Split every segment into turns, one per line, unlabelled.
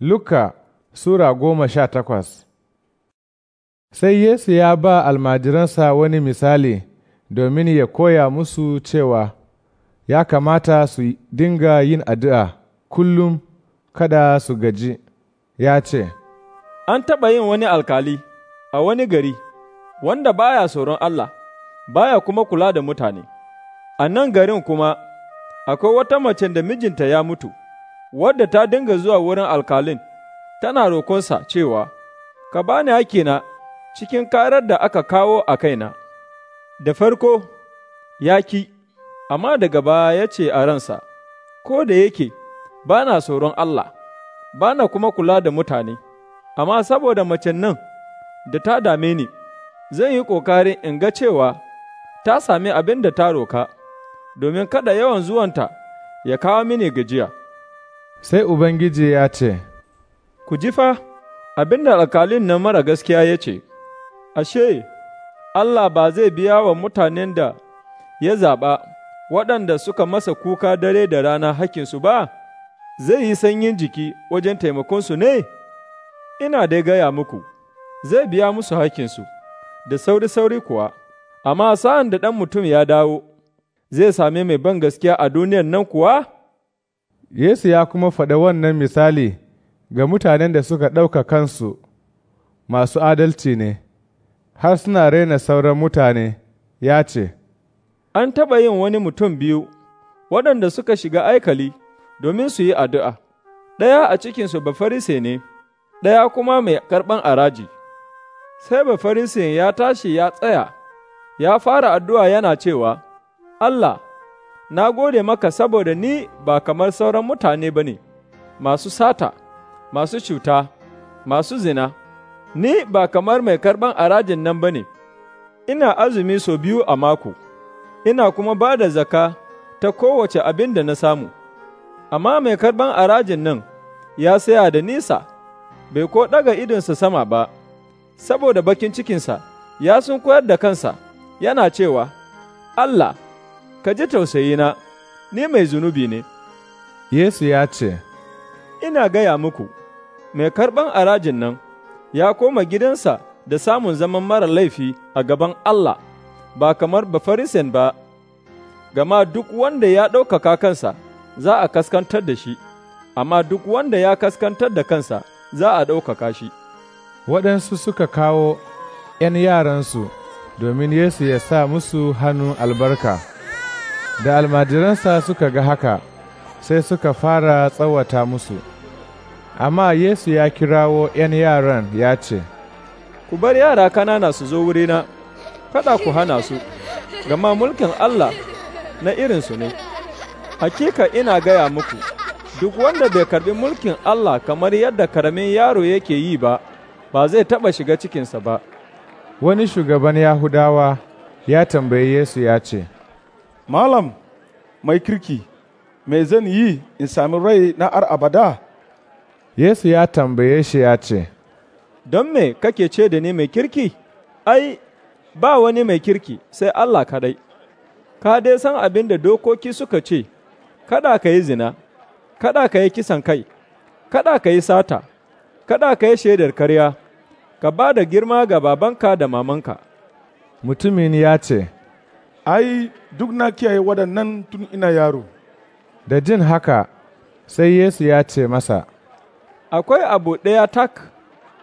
Luka Sura goma sha takwas Sai Yesu ya ba almajiransa wani misali domin ya koya musu cewa ya kamata su dinga yin addu'a kullum kada su gaji, ya ce,
An taɓa yin wani alkali a wani gari wanda baya tsoron Allah, baya kuma kula da mutane, a nan garin kuma akwai wata macen da mijinta ya mutu. wadda ta dinga zuwa wurin alkalin, tana roƙonsa cewa, Ka bani hakina cikin karar da aka kawo a kaina. Da farko, ya ki, amma daga baya ya ce a ransa, Ko da yake, ba na tsoron Allah, ba na kuma kula da mutane, amma saboda macen nan da ta dame ni, zan yi ƙoƙarin in ga cewa ta sami abin da ta roka, domin kada yawan zuwanta ya kawo mini gajiya. Sai Ubangiji ya ce, Ku ji fa abin da alkalin nan mara gaskiya ya ce, Ashe, Allah ba zai biya wa mutanen da ya zaɓa waɗanda suka masa kuka dare da rana hakinsu ba, zai yi sanyin jiki wajen taimakonsu ne? Ina dai gaya muku, zai biya musu hakinsu, da sauri-sauri kuwa, amma sa'an da ɗan mutum ya dawo, zai same mai ban gaskiya a duniyar nan kuwa?
Yesu ya kuma faɗa wannan misali ga mutanen da suka ɗauka kansu masu adalci ne, har suna raina sauran mutane, ya ce,
An taɓa yin wani mutum biyu waɗanda suka shiga aikali domin su yi addu'a, ɗaya a cikinsu bafarise ne, ɗaya kuma mai karɓan araji. Sai bafarise ya tashi ya tsaya, ya fara addu'a yana cewa, Allah, na gode maka saboda ni ba kamar sauran mutane ba ne, masu sata, masu cuta, masu zina, ni ba kamar mai karɓan arajin nan ba ne, ina azumi sau biyu a mako, ina kuma ba da zaka ta kowace abin da na samu, amma mai karɓan arajin nan ya saya da nisa, bai ko ɗaga idonsa sama ba, saboda bakin cikinsa ya sun koyar da kansa, yana cewa, Allah. ka ji na ni mai zunubi ne. Yesu ya ce, Ina gaya muku, mai karɓan arajin nan ya koma gidansa da samun zaman mara laifi a gaban Allah, ba kamar bafarisen ba, gama duk wanda ya ɗaukaka kansa za a kaskantar da shi, amma duk wanda ya kaskantar da kansa za a ɗaukaka shi.
Waɗansu suka kawo ’yan yaransu domin Yesu ya sa musu hannun albarka. Da almajiransa suka ga haka, sai suka fara tsawata musu. Amma Yesu ya kirawo ’yan yaran ya ce,
Ku bar yara kanana su zo wurina, kada ku hana su, gama mulkin Allah na irinsu ne. Hakika ina gaya muku, duk wanda bai karbi mulkin Allah kamar yadda karamin yaro yake yi ba, ba zai taɓa shiga cikinsa ba.
Wani shugaban Yahudawa ya tambayi Yesu ya ce, Malam mai kirki, me zan yi in sami rai na ar abada? Yesu ya tambaye shi ya ce,
Don me kake ce da ni mai kirki? Ai, ba wani mai kirki sai Allah kadai. Ka dai san abin da dokoki suka ce, Kada ka yi zina, kada ka yi kisan kai, kada ka yi sata, kada ka yi shaidar karya, ka ba da girma ga babanka da mamanka.
Mutumin ya ce,
ai, duk na kiyaye waɗannan
tun ina yaro. Da jin haka, sai Yesu ya ce masa,
Akwai abu ɗaya tak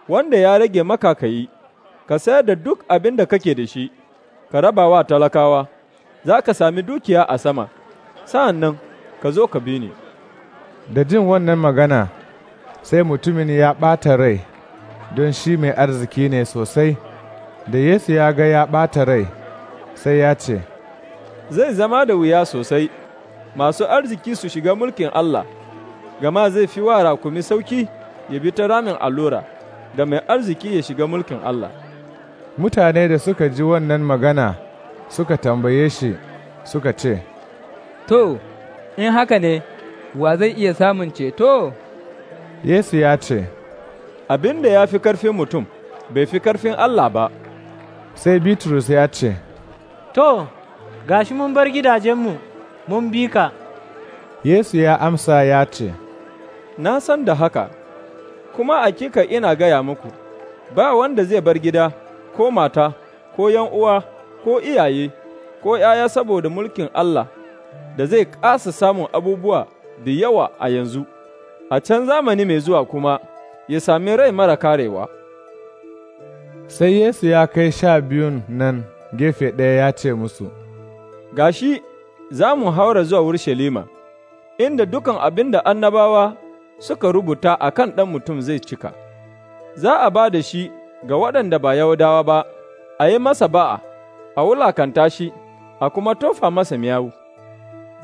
wanda ya rage maka ka yi, ka sayar da duk abin da kake da shi, ka raba wa talakawa, za ka sami dukiya a sama, sa'an nan ka zo ka bi ni.
Da jin wannan magana, sai mutumin ya ɓata rai, don shi mai arziki ne sosai, da Yesu ya ga ya ɓata rai, sai ya ce,
zai zama da wuya sosai masu arziki su shiga mulkin Allah, gama zai fi wa rakumi sauki ya bi ta ramin allura da mai arziki ya shiga mulkin Allah.
Mutane da suka ji wannan magana suka tambaye shi suka ce,
To, in haka ne, wa zai iya samun ceto? Yesu ya ce, Abin da ya fi karfin mutum, bai fi karfin Allah ba.
Sai Bitrus ya ce,
To, gashi mun bar gidajenmu mun bi ka. Yesu ya amsa ya ce, Na san da haka, kuma a kika ina gaya muku, ba wanda zai bar gida, ko mata, ko yan uwa, ko iyaye, ko ’ya'ya saboda mulkin Allah, da zai ƙasa samun abubuwa da yawa a yanzu, a can zamani mai zuwa kuma ya sami rai mara karewa.
Sai Yesu ya kai sha biyun nan gefe ɗaya ya ce musu,
gashi za mu haura zuwa Urushalima, inda dukan abin da annabawa suka rubuta a kan ɗan mutum zai cika, za a ba da shi ga waɗanda ba Yahudawa ba, a yi masa ba'a, a wulakanta shi, a kuma tofa masa miyawu,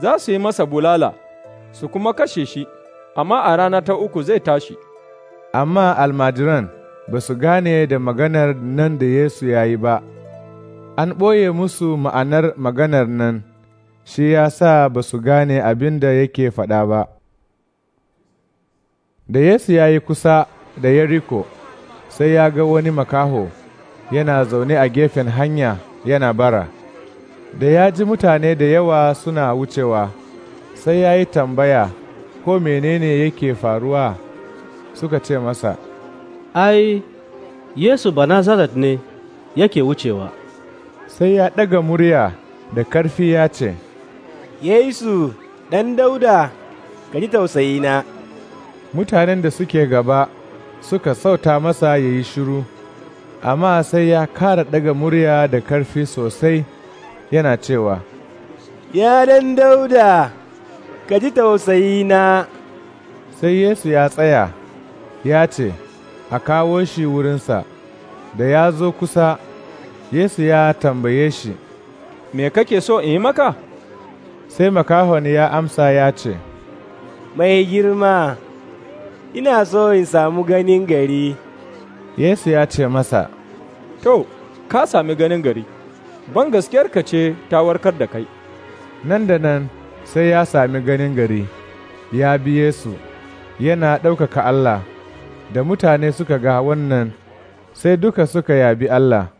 za su yi masa bulala, su kuma kashe shi, amma a rana ta uku zai tashi.
Amma almajiran ba su gane da maganar nan da Yesu ya yi ba. An ɓoye musu ma'anar maganar nan, shi ya sa ba su gane abin da yake faɗa ba. Da Yesu ya yi kusa da Yeriko, sai ya ga wani makaho yana zaune a gefen hanya yana bara. Da ya ji mutane da yawa suna wucewa, sai ya yi tambaya ko menene yake faruwa suka ce masa, Ai, Yesu Banazaret ne yake wucewa. sai ya ɗaga murya da ƙarfi ya ce,
Yesu, ɗan dauda, ka ji tausayina.
Mutanen da suke gaba suka sauta masa ya yi shiru, amma sai ya kara ɗaga murya da ƙarfi sosai yana cewa,
Ya ɗan
dauda, ka ji tausayina. Sai Yesu ya tsaya, ya ce, A kawo shi wurinsa, da ya zo kusa Yesu ya tambaye shi, Me kake so in yi maka? Sai makahon ya amsa ya ce, Mai girma, ina
so in samu ganin gari. Yesu ya ce masa, To, ka sami ganin gari, ban gaskiyarka ce ta warkar da kai. Nan da nan
sai ya sami ganin gari, ya bi Yesu, yana ɗaukaka Allah, da mutane suka ga wannan, sai duka suka yabi Allah.